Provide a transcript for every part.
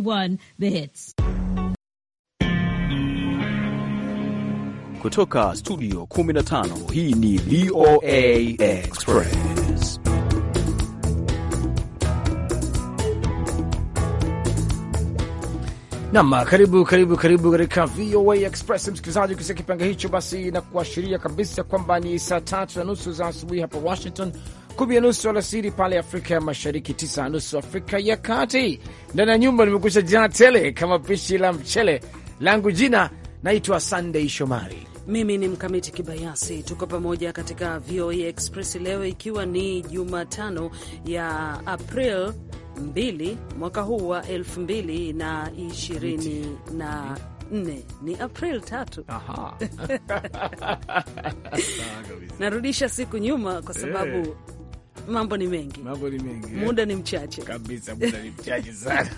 voa The Hits. Kutoka studio 15 hii ni VOA Express. Nam, karibu karibu karibu katika VOA Express msikilizaji, ukisia kipenge hicho basi na kuashiria kabisa kwamba ni saa tatu na nusu za asubuhi hapa Washington kumi na nusu alasiri pale Afrika ya Mashariki, tisa na nusu Afrika ya Kati. Ndani ya nyumba nimekusha jina tele kama pishi la mchele langu. Jina naitwa sandey Shomari. Mimi ni Mkamiti Kibayasi, tuko pamoja katika VOA e Express leo, ikiwa ni Jumatano ya April 2 mwaka huu wa 2024 na ni April tatu. Narudisha siku nyuma kwa sababu eh. Mambo ni mengi, mambo ni mengi, eh. muda ni mchache kabisa, muda ni mchache sana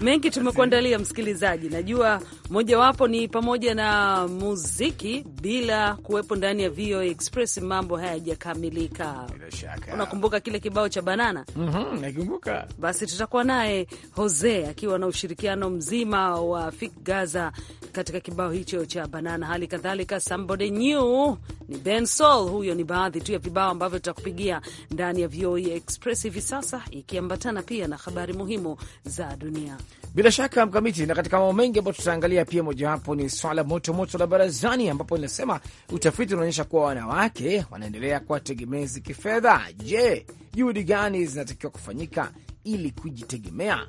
mengi tumekuandalia msikilizaji. Najua mojawapo ni pamoja na muziki, bila kuwepo ndani ya VOA Express mambo hayajakamilika. Unakumbuka kile kibao cha banana? mm -hmm, nakumbuka. Basi tutakuwa naye Jose akiwa na ushirikiano mzima wa Fik Gaza katika kibao hicho cha banana. Hali kadhalika Somebody New ni Ben Sol, Huyo ni baadhi tu ya vibao ambavyo tutakupigia ndani ya VOA e Express hivi sasa, ikiambatana pia na habari muhimu za dunia bila shaka Mkamiti, na katika mambo mengi ambayo tutaangalia pia mojawapo ni swala motomoto la barazani, ambapo linasema utafiti unaonyesha kuwa wanawake wanaendelea kuwa tegemezi kifedha. Je, juhudi gani zinatakiwa kufanyika ili kujitegemea?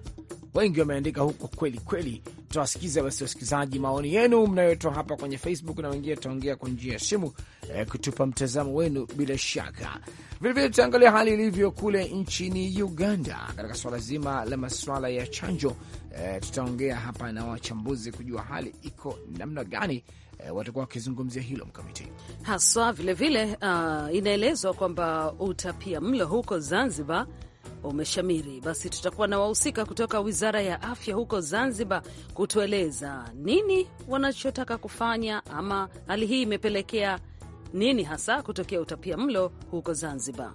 wengi wameandika huko kweli kweli. Tutawasikiza basi wasikilizaji, maoni yenu mnayotoa hapa kwenye Facebook na wengine tutaongea kwa njia ya simu eh, kutupa mtazamo wenu. Bila shaka vilevile tutaangalia hali ilivyo kule nchini Uganda katika swala zima la maswala ya chanjo. Eh, tutaongea hapa na wachambuzi kujua hali iko namna gani. E, watakuwa wakizungumzia hilo mkamiti haswa. Vilevile uh, ah, inaelezwa kwamba utapia mlo huko Zanzibar umeshamiri. Basi tutakuwa na wahusika kutoka wizara ya afya huko Zanzibar kutueleza nini wanachotaka kufanya, ama hali hii imepelekea nini hasa kutokea utapia mlo huko Zanzibar.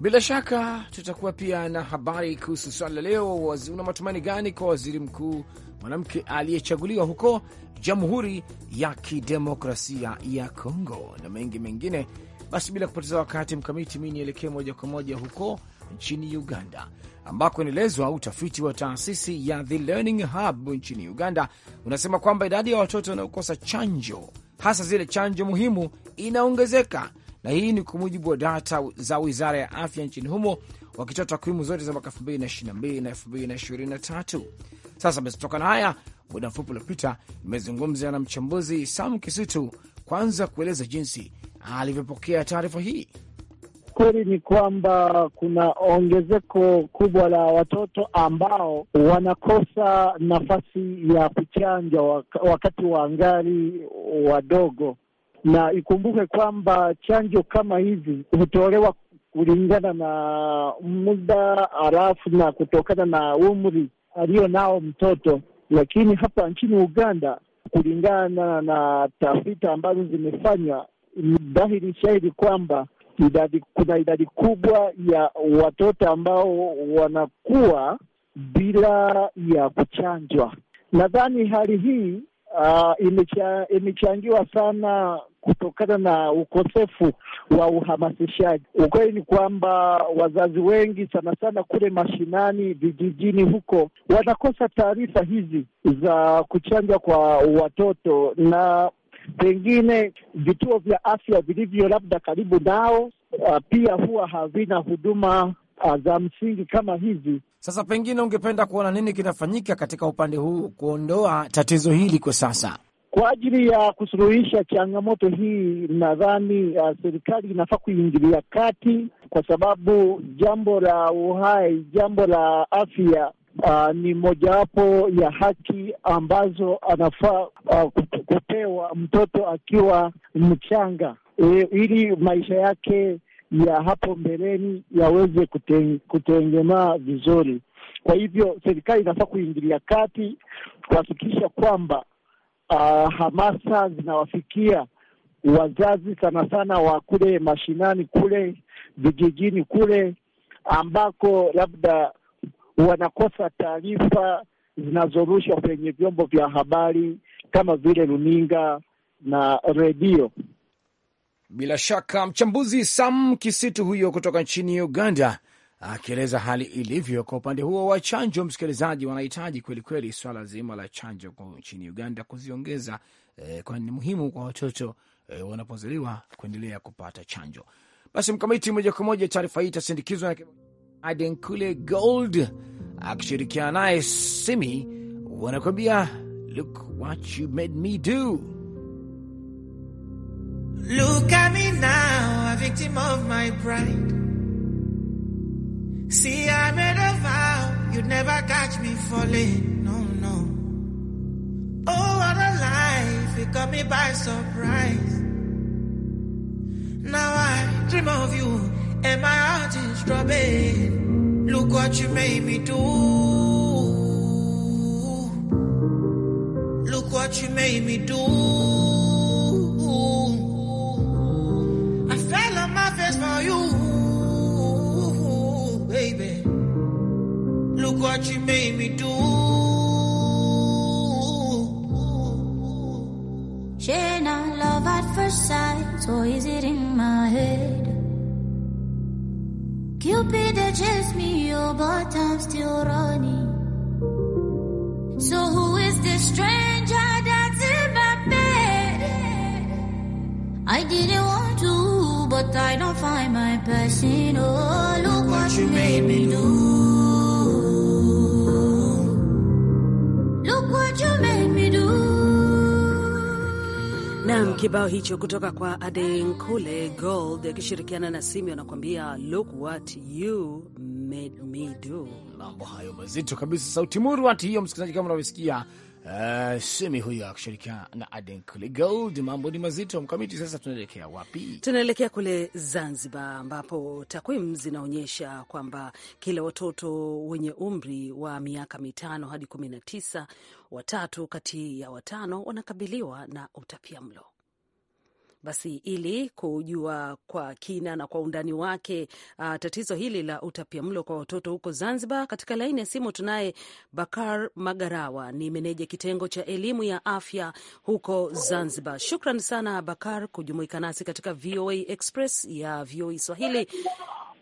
Bila shaka tutakuwa pia na habari kuhusu swala leo, una matumaini gani kwa waziri mkuu mwanamke aliyechaguliwa huko Jamhuri ya Kidemokrasia ya Kongo na mengi mengine. Basi bila kupoteza wakati mkamiti, mi nielekee moja kwa moja huko nchini Uganda, ambako inaelezwa utafiti wa taasisi ya The Learning Hub nchini Uganda unasema kwamba idadi ya watoto wanaokosa chanjo, hasa zile chanjo muhimu, inaongezeka na hii ni kwa mujibu wa data za wizara ya afya nchini humo wakitoa takwimu zote za mwaka 2022 na 2023. Sasa basi, kutokana haya, muda mfupi uliopita nimezungumza na mchambuzi Sam Kisitu, kwanza kueleza jinsi alivyopokea taarifa hii. Kweli ni kwamba kuna ongezeko kubwa la watoto ambao wanakosa nafasi ya kuchanja wakati wa ngari wadogo, na ikumbuke kwamba chanjo kama hizi hutolewa kulingana na muda halafu na kutokana na umri aliyo nao mtoto. Lakini hapa nchini Uganda, kulingana na tafita ambazo zimefanywa, dhahiri shahidi kwamba idadi, kuna idadi kubwa ya watoto ambao wanakuwa bila ya kuchanjwa. Nadhani hali hii uh, imechangiwa sana kutokana na ukosefu wa uhamasishaji. Ukweli ni kwamba wazazi wengi sana sana kule mashinani, vijijini huko wanakosa taarifa hizi za kuchanjwa kwa watoto na Pengine vituo vya afya vilivyo labda karibu nao uh, pia huwa havina huduma uh, za msingi kama hizi. Sasa pengine ungependa kuona nini kinafanyika katika upande huu kuondoa tatizo hili kwa sasa? Kwa ajili ya kusuluhisha changamoto hii, nadhani uh, serikali inafaa kuingilia kati, kwa sababu jambo la uhai, jambo la afya uh, ni mojawapo ya haki ambazo anafaa uh, kupewa mtoto akiwa mchanga e, ili maisha yake ya hapo mbeleni yaweze kuten, kutengemaa vizuri. Kwa hivyo serikali inafaa kuingilia kati kuhakikisha kwamba uh, hamasa zinawafikia wazazi sana sana wa kule mashinani kule vijijini kule ambako labda wanakosa taarifa zinazorushwa kwenye vyombo vya habari kama vile runinga na redio. Bila shaka mchambuzi Sam Kisitu huyo kutoka nchini Uganda akieleza hali ilivyo kwa upande huo wa chanjo. Msikilizaji, wanahitaji kwelikweli swala zima la chanjo nchini Uganda kuziongeza eh, kwani ni muhimu kwa watoto eh, wanapozaliwa kuendelea kupata chanjo. Basi mkamiti moja kwa moja, taarifa hii itasindikizwa na adenkule gold akshirikianae simi wanakobia look what you made me do look at me now a victim of my pride see i made a vow you'd never catch me falling no no oh what a life it got me by surprise now i dream of you and my heart is dropping. Look what you made me do. Look what you made me do. I fell on my face for you, baby. Look what you made me do. Sharing our love at first sight, or is it in my head? يبي ده جسمي oh but I'm still running So who is this stranger that's in my bed? I didn't want to but I don't find my passion Kibao hicho kutoka kwa Adenkule Gold akishirikiana na Simi anakuambia look what you made me do. Mambo hayo mazito kabisa, sauti muru hati hiyo, msikilizaji, kama unavyosikia Uh, eh, Semi huyo akishirikiana na Adenkule Gold. Mambo ni mazito mkamiti. Sasa tunaelekea wapi? Tunaelekea kule Zanzibar, ambapo takwimu zinaonyesha kwamba kila watoto wenye umri wa miaka mitano hadi kumi na tisa watatu kati ya watano wanakabiliwa na utapiamlo. Basi ili kujua kwa kina na kwa undani wake uh, tatizo hili la utapiamlo kwa watoto huko Zanzibar, katika laini ya simu tunaye Bakar Magarawa, ni meneja kitengo cha elimu ya afya huko Zanzibar. Shukran sana Bakar kujumuika nasi katika VOA Express ya VOA Swahili.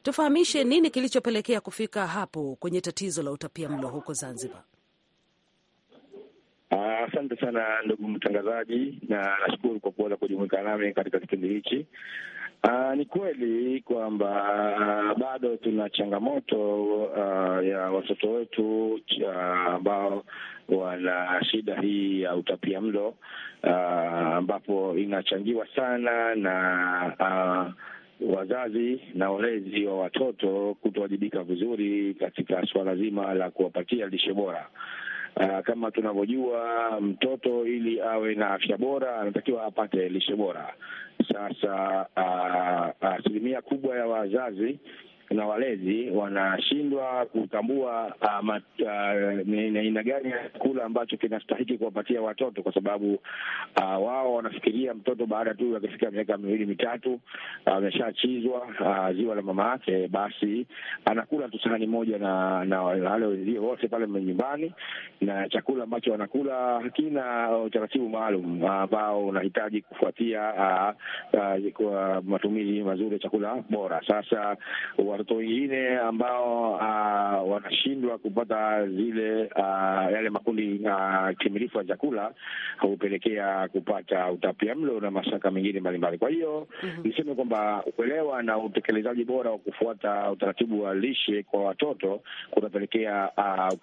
Tufahamishe nini kilichopelekea kufika hapo kwenye tatizo la utapia mlo huko Zanzibar? Ah, asante sana ndugu mtangazaji, na nashukuru kwa kuweza kujumuika nami katika kipindi hichi. Uh, ni kweli kwamba uh, bado tuna changamoto uh, ya watoto wetu ambao uh, wana shida hii ya utapia mlo ambapo uh, inachangiwa sana na uh, wazazi na walezi wa watoto kutowajibika vizuri katika suala zima la kuwapatia lishe bora. Uh, kama tunavyojua mtoto ili awe na afya bora anatakiwa apate lishe bora. Sasa ah, asilimia uh, kubwa ya wazazi na walezi wanashindwa kutambua uh, uh, aina gani ya chakula ambacho kinastahiki kuwapatia watoto, kwa sababu uh, wao wanafikiria mtoto baada tu akifika miaka miwili mitatu uh, ameshachizwa uh, ziwa la mama yake, basi anakula tu sahani moja na na wale wenzie wote pale nyumbani, na chakula ambacho wanakula hakina utaratibu maalum ambao uh, unahitaji kufuatia uh, uh, matumizi mazuri ya chakula bora. Sasa watoto wengine ambao uh, wanashindwa kupata zile uh, yale makundi uh, ah, kimilifu ya chakula hupelekea kupata utapia mlo na mashaka mengine mbalimbali. Kwa hiyo mm -hmm. niseme kwamba uelewa na utekelezaji bora wa kufuata utaratibu wa lishe kwa watoto kunapelekea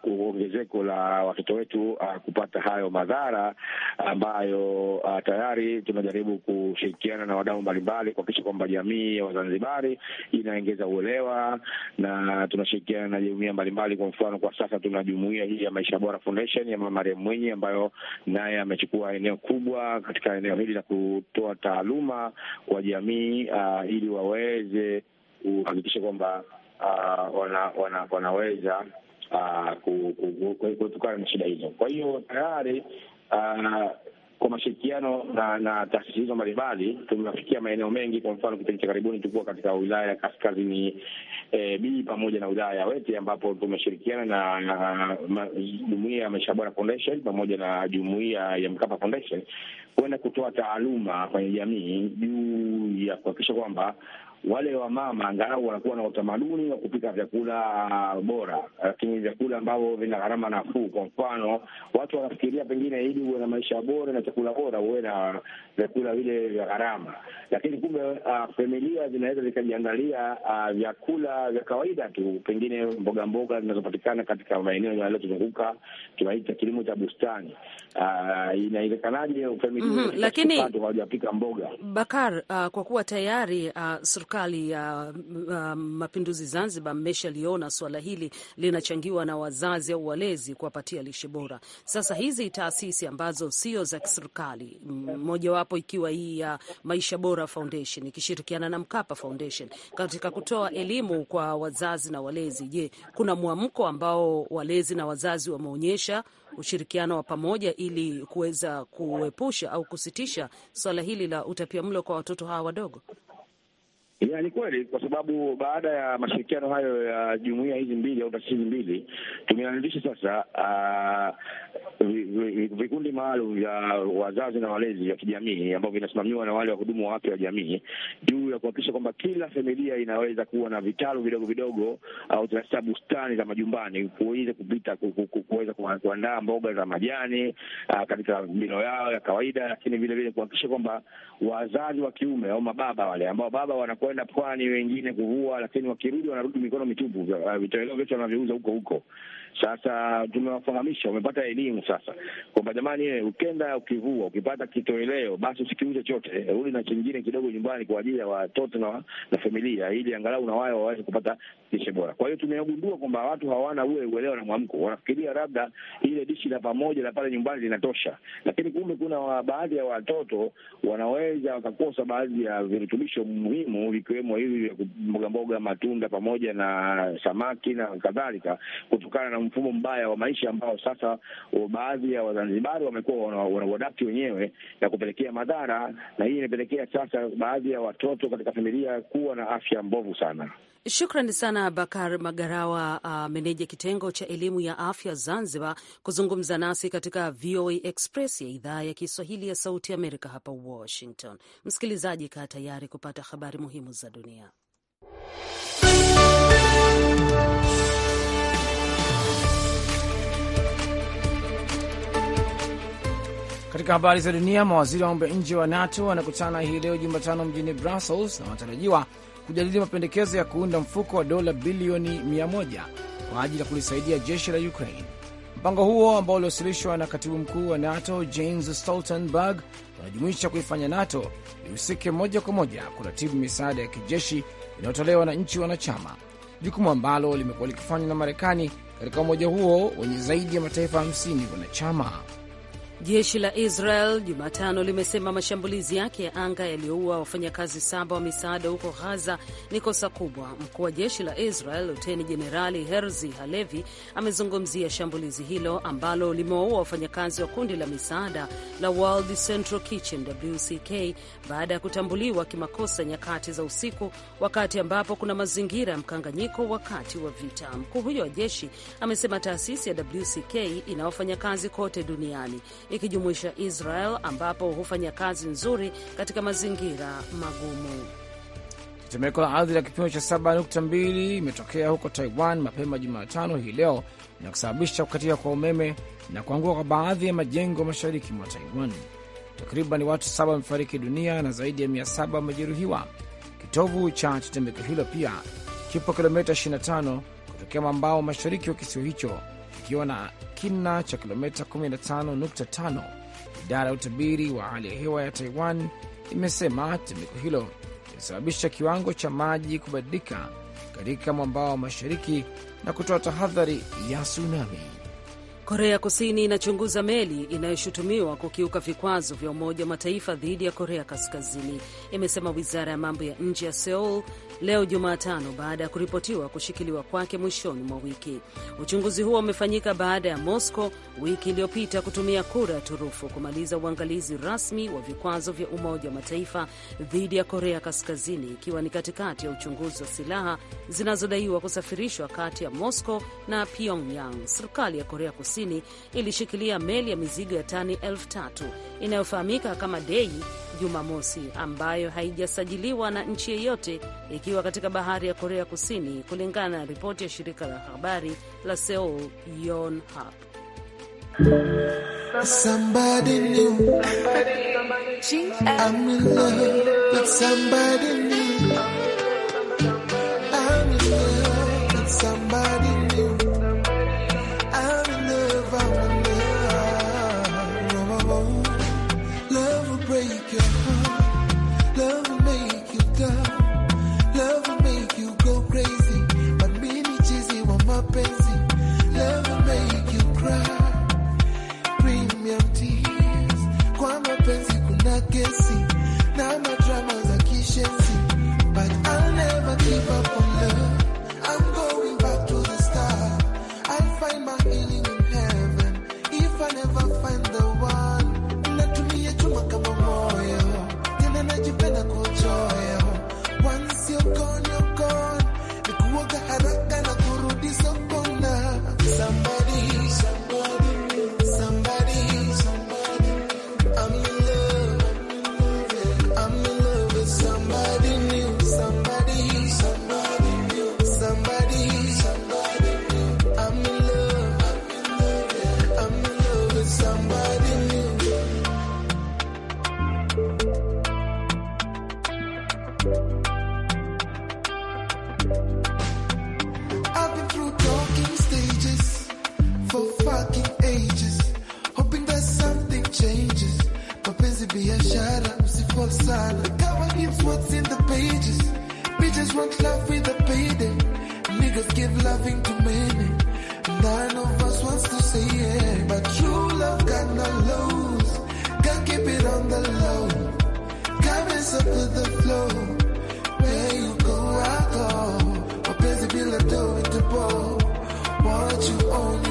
uh, ongezeko la watoto wetu uh, kupata hayo madhara ambayo uh, tayari tunajaribu kushirikiana na wadau mbalimbali kuhakikisha kwamba jamii ya Wazanzibari inaongeza uelewa hewa, na tunashirikiana na jumuia mbalimbali. Kwa mfano, kwa sasa tuna jumuia hii ya Maisha Bora Foundation ya Mama Mariam Mwinyi ambayo naye amechukua eneo kubwa katika eneo hili la kutoa taaluma kwa jamii uh, ili waweze kuhakikisha kwamba uh, wana, wana, wanaweza uh, kuepukana na shida hizo. Kwa hiyo tayari uh, kwa mashirikiano na na taasisi hizo mbalimbali tumewafikia maeneo mengi. Kwa mfano, kipindi cha karibuni tulikuwa katika wilaya ya Kaskazini e, B pamoja na wilaya ya Wete ambapo tumeshirikiana na, na ma, ya Maisha Bora Foundation pamoja na jumuia ya Mkapa Foundation kuenda kutoa taaluma kwenye jamii juu ya kuhakikisha kwamba wale wamama angalau wanakuwa na utamaduni wa kupika vyakula uh, bora, lakini vyakula ambavyo vina gharama nafuu. Kwa mfano, watu wanafikiria pengine ili uwe na maisha bora na chakula bora uwe na vyakula vile vya gharama, lakini kumbe uh, familia zinaweza zikajiandalia uh, vyakula vya kawaida tu, pengine mboga mboga zinazopatikana katika maeneo yanayotuzunguka tunaita kilimo cha bustani. Uh, inawezekanaje familia mm -hmm, lakini hawajapika mboga Bakar, uh, kwa kuwa tayari uh, serikali ya uh, uh, mapinduzi Zanzibar mmeshaliona swala hili linachangiwa na wazazi au walezi kuwapatia lishe bora. Sasa hizi taasisi ambazo sio za kiserikali, mm, mojawapo ikiwa hii ya Maisha Bora Foundation ikishirikiana na Mkapa Foundation katika kutoa elimu kwa wazazi na walezi, je, kuna mwamko ambao walezi na wazazi wameonyesha ushirikiano wa pamoja ili kuweza kuepusha au kusitisha swala hili la utapia mlo kwa watoto hawa wadogo? Yeah, ni kweli kwa sababu baada ya mashirikiano hayo ya jumuiya hizi mbili au taasisi mbili tumeanzisha sasa uh, vikundi maalum vya wazazi na walezi vya kijamii ambavyo vinasimamiwa na wale wahudumu wa afya wa jamii juu ya kuhakikisha kwamba kila familia inaweza kuwa na vitalu vidogo vidogo au tunasema bustani za majumbani kuweza kupita kuweza kuandaa mboga za majani uh, katika mbino yao ya kawaida, lakini vile kuhakikisha kwamba wazazi wa kiume au mababa wale ambao baba wanakuwa kwenda pwani, wengine kuvua, lakini wakirudi wanarudi mikono mitupu, uh, vitoeleo vyote wanavyouza huko huko. Sasa tumewafahamisha, umepata elimu sasa kwamba jamani, eh, ukenda ukivua, ukipata kitoeleo basi usikiuze chote, eh, rudi na chingine kidogo nyumbani kwa ajili ya watoto na, na familia, ili angalau na wao waweze kupata lishe bora. Kwa hiyo tumegundua kwamba watu hawana ule uelewa na mwamko, wanafikiria labda ile dishi la pamoja la pale nyumbani linatosha, lakini kumbe kuna baadhi ya watoto wanaweza wakakosa baadhi ya virutubisho muhimu, vikiwemo hivi vya mbogamboga, matunda pamoja na samaki na kadhalika, kutokana na mfumo mbaya wa maisha ambao sasa uh, baadhi ya Wazanzibari wamekuwa wanauadapti wenyewe na kupelekea madhara, na hii inapelekea sasa baadhi ya watoto katika familia kuwa na afya mbovu sana. Shukrani sana Bakar Magarawa, uh, meneja kitengo cha elimu ya afya Zanzibar, kuzungumza nasi katika VOA Express ya idhaa ya Kiswahili ya Sauti Amerika hapa Washington. Msikilizaji, kaa tayari kupata habari muhimu za dunia. Katika habari za dunia, mawaziri wa mambo ya nje wa NATO wanakutana hii leo Jumatano mjini Brussels na wanatarajiwa kujadili mapendekezo ya kuunda mfuko wa dola bilioni 100 kwa ajili ya kulisaidia jeshi la Ukraine. Mpango huo ambao uliwasilishwa na katibu mkuu wa NATO james Stoltenberg unajumuisha kuifanya NATO ihusike moja kwa moja kuratibu misaada ya kijeshi inayotolewa na nchi wanachama, jukumu ambalo limekuwa likifanywa na Marekani katika umoja huo wenye zaidi ya mataifa 50 wanachama. Jeshi la Israel Jumatano limesema mashambulizi yake ya anga yaliyoua wafanyakazi saba wa misaada huko Ghaza ni kosa kubwa. Mkuu wa jeshi la Israel Luteni Jenerali Herzi Halevi amezungumzia shambulizi hilo ambalo limewaua wafanyakazi wa kundi la misaada la World Central Kitchen WCK baada ya kutambuliwa kimakosa nyakati za usiku, wakati ambapo kuna mazingira ya mkanganyiko wakati wa vita. Mkuu huyo wa jeshi amesema taasisi ya WCK ina wafanyakazi kote duniani ikijumuisha Israel ambapo hufanya kazi nzuri katika mazingira magumu. Tetemeko la ardhi la kipimo cha 7.2 imetokea huko Taiwan mapema Jumatano hii leo na kusababisha kukatika kwa umeme na kuanguka kwa baadhi ya majengo mashariki mwa Taiwan. Takriban watu saba wamefariki dunia na zaidi ya 700 wamejeruhiwa. Kitovu cha tetemeko hilo pia kipo kilomita 25 kutokea mwambao mashariki wa kisiwa hicho, ikiwa na kina cha kilomita 15.5. Idara ya utabiri wa hali ya hewa ya Taiwan imesema tetemeko hilo limesababisha kiwango cha maji kubadilika katika mwambao wa mashariki na kutoa tahadhari ya tsunami. Korea Kusini inachunguza meli inayoshutumiwa kukiuka vikwazo vya Umoja wa Mataifa dhidi ya Korea Kaskazini, imesema wizara ya mambo ya nje ya Seoul leo Jumatano, baada ya kuripotiwa kushikiliwa kwake mwishoni mwa wiki. Uchunguzi huo umefanyika baada ya Moscow wiki iliyopita kutumia kura ya turufu kumaliza uangalizi rasmi wa vikwazo vya Umoja wa Mataifa dhidi ya Korea Kaskazini, ikiwa ni katikati ya uchunguzi wa silaha zinazodaiwa kusafirishwa kati ya Moscow na Pyongyang. Serikali ya Korea Kusini Kusini ilishikilia meli ya mizigo ya tani elfu tatu inayofahamika kama Dei Jumamosi, ambayo haijasajiliwa na nchi yeyote ikiwa katika bahari ya Korea Kusini, kulingana na ripoti ya shirika la habari la Seoul Yonhap. Somebody new. Somebody, somebody, new. pages. Bitches want love with a payday. Niggas give loving to many. None of us wants to say yeah. But true love got no lows. Gotta keep it on the low. Can't mess up with the flow. Where you go, I go. Or busy be like dough with the ball. Want you only.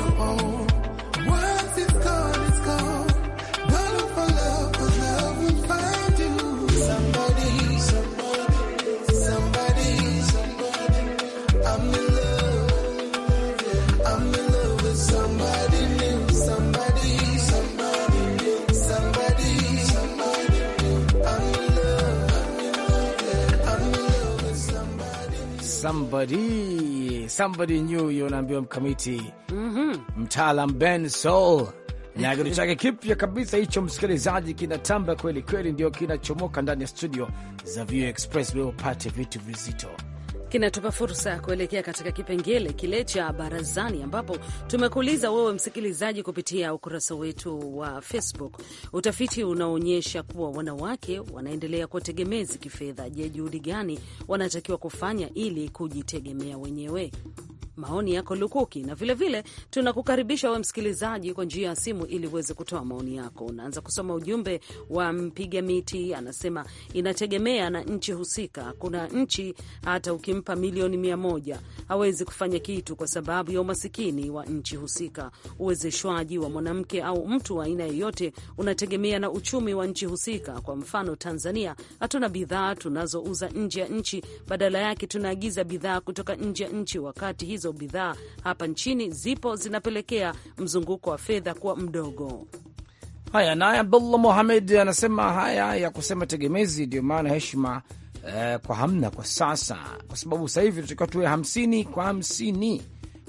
somebody somebody new yo unaambiwa mkamiti mm -hmm. Mtaalam Ben Soul na kitu chake kipya kabisa hicho, msikilizaji, kinatamba kweli kweli, ndio kinachomoka ndani ya studio za Vio Express. Wewe upate vitu vizito kinatupa fursa ya kuelekea katika kipengele kile cha barazani, ambapo tumekuuliza wewe msikilizaji kupitia ukurasa wetu wa Facebook, utafiti unaonyesha kuwa wanawake wanaendelea kuwa tegemezi kifedha. Je, juhudi gani wanatakiwa kufanya ili kujitegemea wenyewe? maoni yako lukuki, na vilevile tunakukaribisha we msikilizaji kwa njia ya simu ili uweze kutoa maoni yako. Unaanza kusoma ujumbe wa mpiga miti, anasema inategemea na nchi husika. Kuna nchi hata ukimpa milioni mia moja hawezi kufanya kitu kwa sababu ya umasikini wa nchi husika. Uwezeshwaji wa mwanamke au mtu wa aina yoyote unategemea na uchumi wa nchi husika. Kwa mfano, Tanzania hatuna bidhaa tunazouza nje ya nchi, badala yake tunaagiza bidhaa kutoka nje ya nchi, wakati hizo hizo bidhaa hapa nchini zipo zinapelekea mzunguko wa fedha kuwa mdogo. Haya, naye Abdullah Mohamed anasema haya ya kusema tegemezi, ndio maana heshima eh, kwa hamna kwa sasa, kwa sababu sasa hivi tunatakiwa tuwe hamsini kwa hamsini,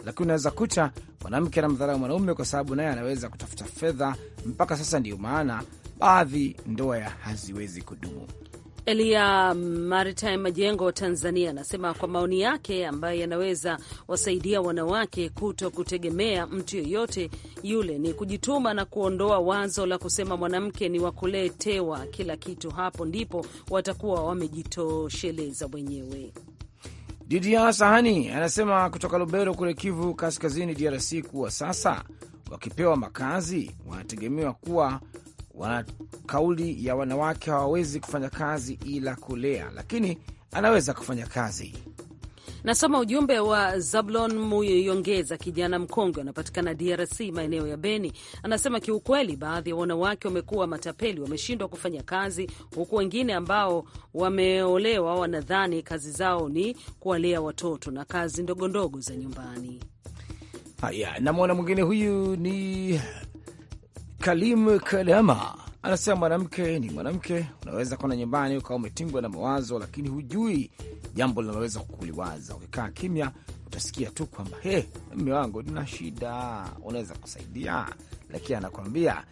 lakini unaweza kuta mwanamke anamdharau mwanaume kwa sababu naye anaweza kutafuta fedha. Mpaka sasa, ndio maana baadhi ndoa haziwezi kudumu. Elia Maritime Majengo, Tanzania, anasema kwa maoni yake ambayo yanaweza wasaidia wanawake kuto kutegemea mtu yoyote yule ni kujituma na kuondoa wazo la kusema mwanamke ni wakuletewa kila kitu. Hapo ndipo watakuwa wamejitosheleza wenyewe. Didia Sahani anasema kutoka Lubero kule Kivu Kaskazini, DRC, kuwa sasa wakipewa makazi wanategemewa kuwa wana kauli ya wanawake hawawezi kufanya kazi ila kulea, lakini anaweza kufanya kazi. Nasoma ujumbe wa Zablon Muyongeza, kijana mkongwe, anapatikana DRC maeneo ya Beni. Anasema kiukweli, baadhi ya wanawake wamekuwa matapeli, wameshindwa kufanya kazi, huku wengine ambao wameolewa wanadhani kazi zao ni kuwalea watoto na kazi ndogondogo za nyumbani. Haya, namwona mwingine, huyu ni Kalim Kalama anasema mwanamke ni mwanamke, unaweza kuona nyumbani ukawa umetingwa na mawazo, lakini hujui jambo linaloweza kukuliwaza. Ukikaa kimya, utasikia tu kwamba he, mme wangu, nina shida, unaweza kusaidia, lakini anakwambia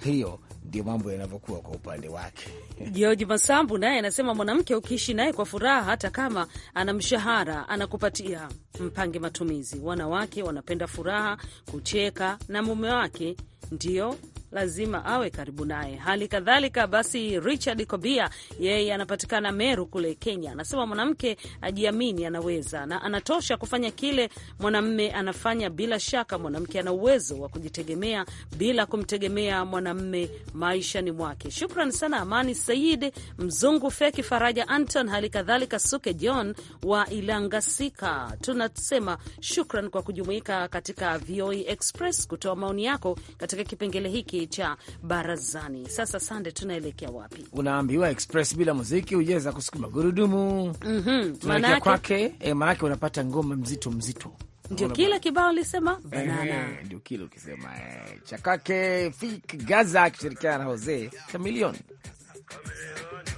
hiyo ndio mambo yanavyokuwa kwa upande wake. George Masambu naye anasema mwanamke ukiishi naye kwa furaha, hata kama ana mshahara, anakupatia mpange matumizi. Wanawake wanapenda furaha, kucheka na mume wake, ndio lazima awe karibu naye. Hali kadhalika basi, Richard Kobia yeye anapatikana Meru kule Kenya, anasema mwanamke ajiamini, anaweza na anatosha kufanya kile mwanamme anafanya. Bila shaka mwanamke ana uwezo wa kujitegemea bila kumtegemea mwanamme maishani mwake. Shukran sana Amani Said Mzungu, Feki Faraja Anton, hali kadhalika Suke John wa Ilangasika. Tunasema shukran kwa kujumuika katika VOA e Express, kutoa maoni yako katika kipengele hiki hiki cha barazani. Sasa Sande, tunaelekea wapi? Unaambiwa express bila muziki hujaweza kusukuma gurudumu. mm -hmm. kwake e, eh, manake unapata ngoma mzito mzito ndio kile kibao lisema banana, ndio kile ukisema eh. chakake fik Gaza akishirikiana na Jose Chameleone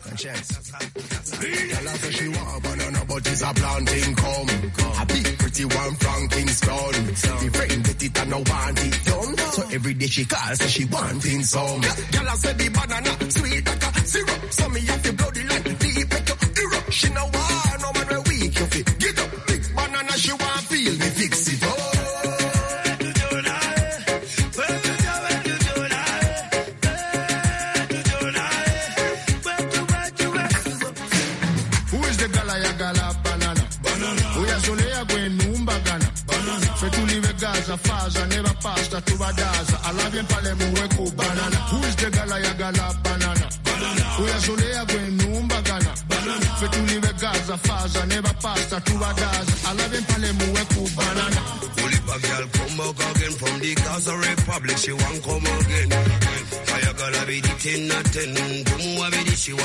Conscience. Tell her say she want a banana, but it's a planting come. A big pretty one from Kingston. The friend get it and no want it done. So every day she calls, say she wanting some. Tell her say the banana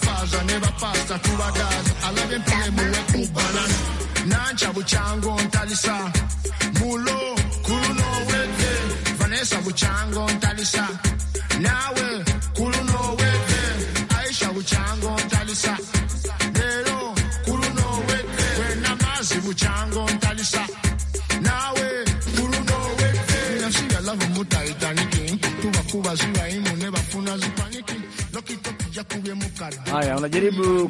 fast, I never pass, I too badass. I love him till Haya, unajaribu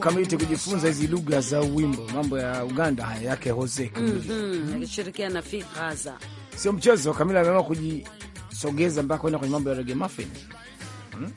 kamiti kujifunza hizi lugha za wimbo, mambo ya Uganda haya yake Jose mm-hmm, akishirikiana na Fikaza sio mchezo. Kamila ameamua kujisogeza mpaka kwenda kwenye mambo ya rege mafin hmm?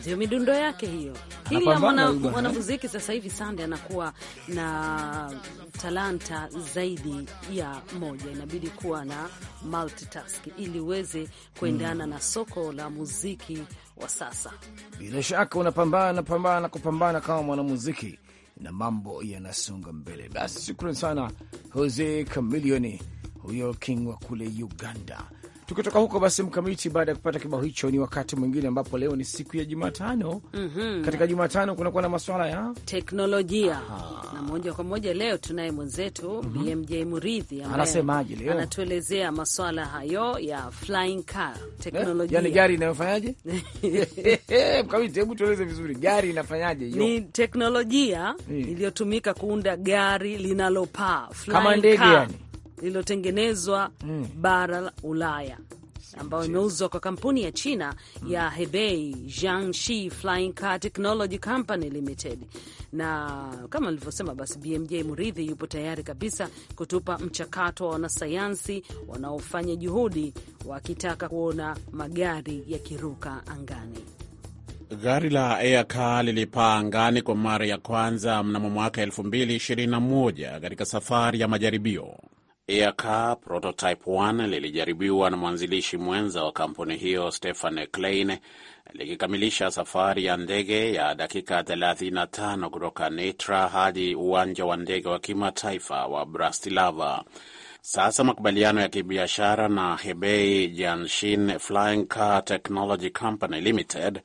Ndio midundo yake hiyo. Kila eh? mwanamuziki sasa hivi Sande anakuwa na talanta zaidi ya moja, inabidi kuwa na multitask ili uweze kuendana mm, na soko la muziki wa sasa. Bila shaka unapambana napambana na kupambana kama mwanamuziki na mambo yanasonga mbele. Basi shukran sana Jose Chameleone, huyo king wa kule Uganda. Tukitoka huko basi, Mkamiti, baada ya kupata kibao hicho, ni wakati mwingine ambapo leo ni siku ya Jumatano. mm -hmm. Katika Jumatano kunakuwa na maswala ya teknolojia. na moja kwa moja leo tunaye mwenzetu mm -hmm. BMJ Muridhi anasemaje leo, anatuelezea maswala hayo ya flying car teknolojia, eh, yani gari inayofanyaje? Mkamiti, hebu tueleze vizuri, gari inafanyaje hiyo? Ni teknolojia iliyotumika kuunda gari linalopaa kama ndege yani lililotengenezwa mm. bara Ulaya ambayo imeuzwa kwa kampuni ya China mm. ya Hebei Jiangxi Flying Car Technology Company Limited. Na kama nilivyosema, basi BMJ Muridhi yupo tayari kabisa kutupa mchakato wa wanasayansi wanaofanya juhudi wakitaka kuona magari yakiruka angani. Gari la Aircar lilipaa angani kwa mara ya kwanza mnamo mwaka 2021 katika safari ya majaribio. Aircar Prototype 1 lilijaribiwa na mwanzilishi mwenza wa kampuni hiyo Stefan Klein likikamilisha safari ya ndege ya dakika 35 kutoka Nitra hadi uwanja wa ndege wa kimataifa wa Bratislava. Sasa makubaliano ya kibiashara na Hebei Jianshin Flying Car Technology Company Limited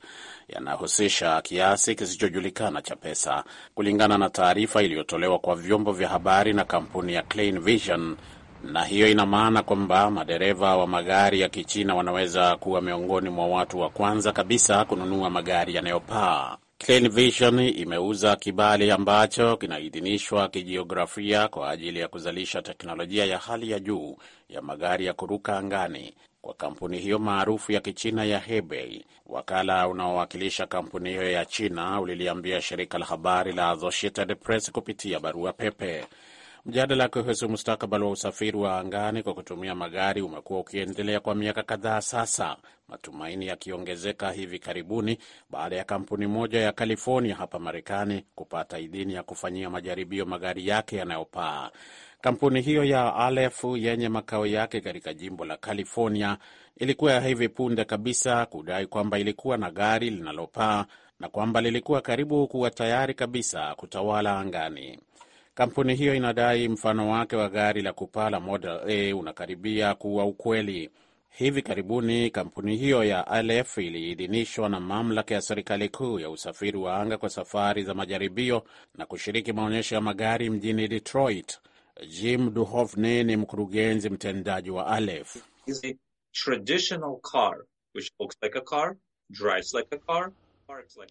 yanahusisha kiasi kisichojulikana cha pesa, kulingana na taarifa iliyotolewa kwa vyombo vya habari na kampuni ya Clean Vision, na hiyo ina maana kwamba madereva wa magari ya Kichina wanaweza kuwa miongoni mwa watu wa kwanza kabisa kununua magari yanayopaa vision imeuza kibali ambacho kinaidhinishwa kijiografia kwa ajili ya kuzalisha teknolojia ya hali ya juu ya magari ya kuruka angani kwa kampuni hiyo maarufu ya Kichina ya Hebei. Wakala unaowakilisha kampuni hiyo ya China uliliambia shirika la habari la Associated Press kupitia barua pepe. Mjadala kuhusu mustakabali wa usafiri wa angani kwa kutumia magari umekuwa ukiendelea kwa miaka kadhaa sasa, matumaini yakiongezeka hivi karibuni baada ya kampuni moja ya California hapa Marekani kupata idhini ya kufanyia majaribio magari yake yanayopaa. Kampuni hiyo ya Alefu yenye makao yake katika jimbo la California ilikuwa hivi punde kabisa kudai kwamba ilikuwa na gari linalopaa na kwamba lilikuwa karibu kuwa tayari kabisa kutawala angani. Kampuni hiyo inadai mfano wake wa gari la kupaa la Model A unakaribia kuwa ukweli. Hivi karibuni kampuni hiyo ya Aleph iliidhinishwa na mamlaka ya serikali kuu ya usafiri wa anga kwa safari za majaribio na kushiriki maonyesho ya magari mjini Detroit. Jim Duhovne ni mkurugenzi mtendaji wa Alef.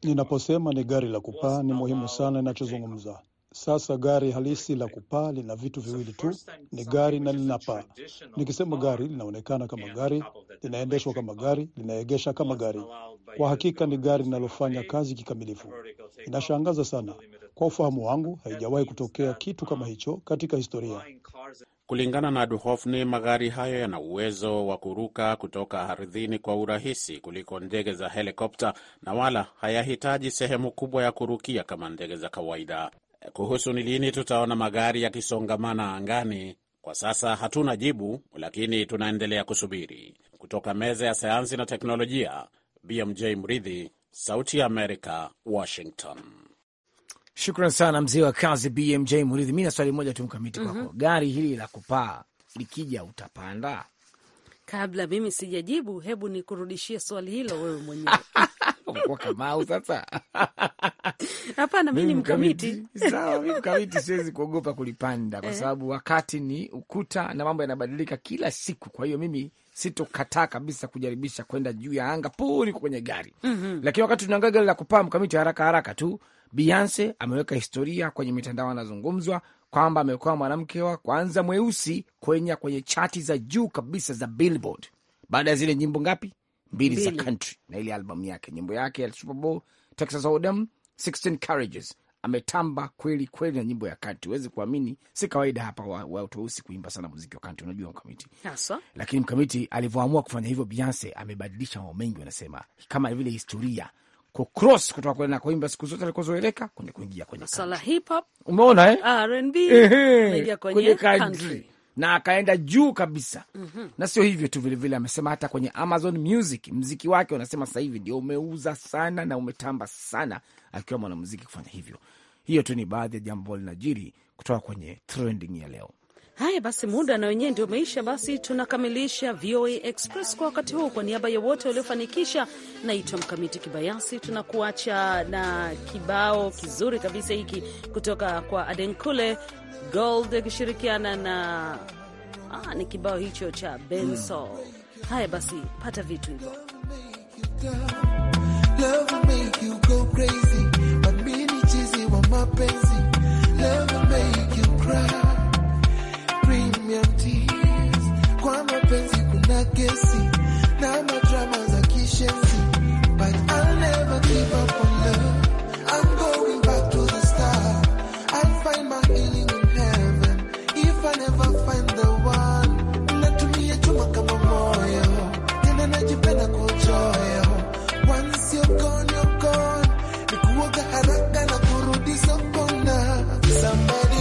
Ninaposema ni gari la kupaa, ni muhimu sana inachozungumza sasa gari halisi la kupaa lina vitu viwili tu, ni gari na linapaa. Nikisema gari, linaonekana kama gari, linaendeshwa kama gari, linaegesha kama gari. Kwa hakika ni gari linalofanya kazi kikamilifu. Inashangaza sana. Kwa ufahamu wangu, haijawahi kutokea kitu kama um, hicho katika historia. Kulingana na Duhovni, magari hayo yana uwezo wa kuruka kutoka ardhini kwa urahisi kuliko ndege za helikopta na wala hayahitaji sehemu kubwa ya kurukia kama ndege za kawaida. Kuhusu ni lini tutaona magari yakisongamana angani, kwa sasa hatuna jibu, lakini tunaendelea kusubiri. Kutoka meza ya sayansi na teknolojia, BMJ Mridhi, Sauti ya Amerika, Washington. Shukran sana mzee wa kazi BMJ Mridhi. Mi na swali moja tu mkamiti kwako, mm -hmm. gari hili la kupaa likija utapanda? Kabla mimi sijajibu, hebu nikurudishie swali hilo wewe mwenyewe kwa Kamau sasa. Hapana, mimi mkamiti sawa, mimi mkamiti siwezi kuogopa kulipanda kwa eh. sababu wakati ni ukuta na mambo yanabadilika kila siku. Kwa hiyo mimi sitokataa kabisa kujaribisha kwenda juu ya anga puri kwenye gari mm -hmm. Lakini wakati tunaangaa gari la kupaa mkamiti, haraka haraka tu, Beyonce ameweka historia kwenye mitandao, anazungumzwa kwamba amekuwa mwanamke wa kwanza mweusi kwenye kwenye chati za juu kabisa za Billboard baada ya zile nyimbo ngapi mbili za country na ile albamu yake, nyimbo yake ya Super Bowl Texas Hold'em 16 Carriages ametamba kweli kweli na nyimbo ya country, huwezi kuamini. Si kawaida hapa watu weusi kuimba sana muziki wa country, unajua mkamiti hasa. Lakini mkamiti alivyoamua kufanya hivyo, Beyonce amebadilisha mambo mengi, wanasema kama vile historia ku cross kutoka kwenda na kuimba siku zote alikozoeleka kwenda kuingia kwenye sala hip hop, umeona eh, R&B kuingia kwenye country na akaenda juu kabisa mm -hmm. Na sio hivyo tu, vilevile amesema hata kwenye Amazon Music mziki wake unasema sasa hivi ndio umeuza sana na umetamba sana, akiwa mwanamuziki kufanya hivyo. Hiyo tu ni baadhi ya jambo linajiri kutoka kwenye trending ya leo. Haya basi, muda na wenyewe ndio umeisha. Basi tunakamilisha VOA Express kwa wakati huu. Kwa niaba ya wote waliofanikisha, naitwa Mkamiti Kibayasi. Tunakuacha na kibao kizuri kabisa hiki kutoka kwa Adenkule Gold akishirikiana na ah, ni kibao hicho cha Benso. Mm. Haya basi, pata vitu hivyo Love kwa mapenzi kuna kesi na madrama za kishenzi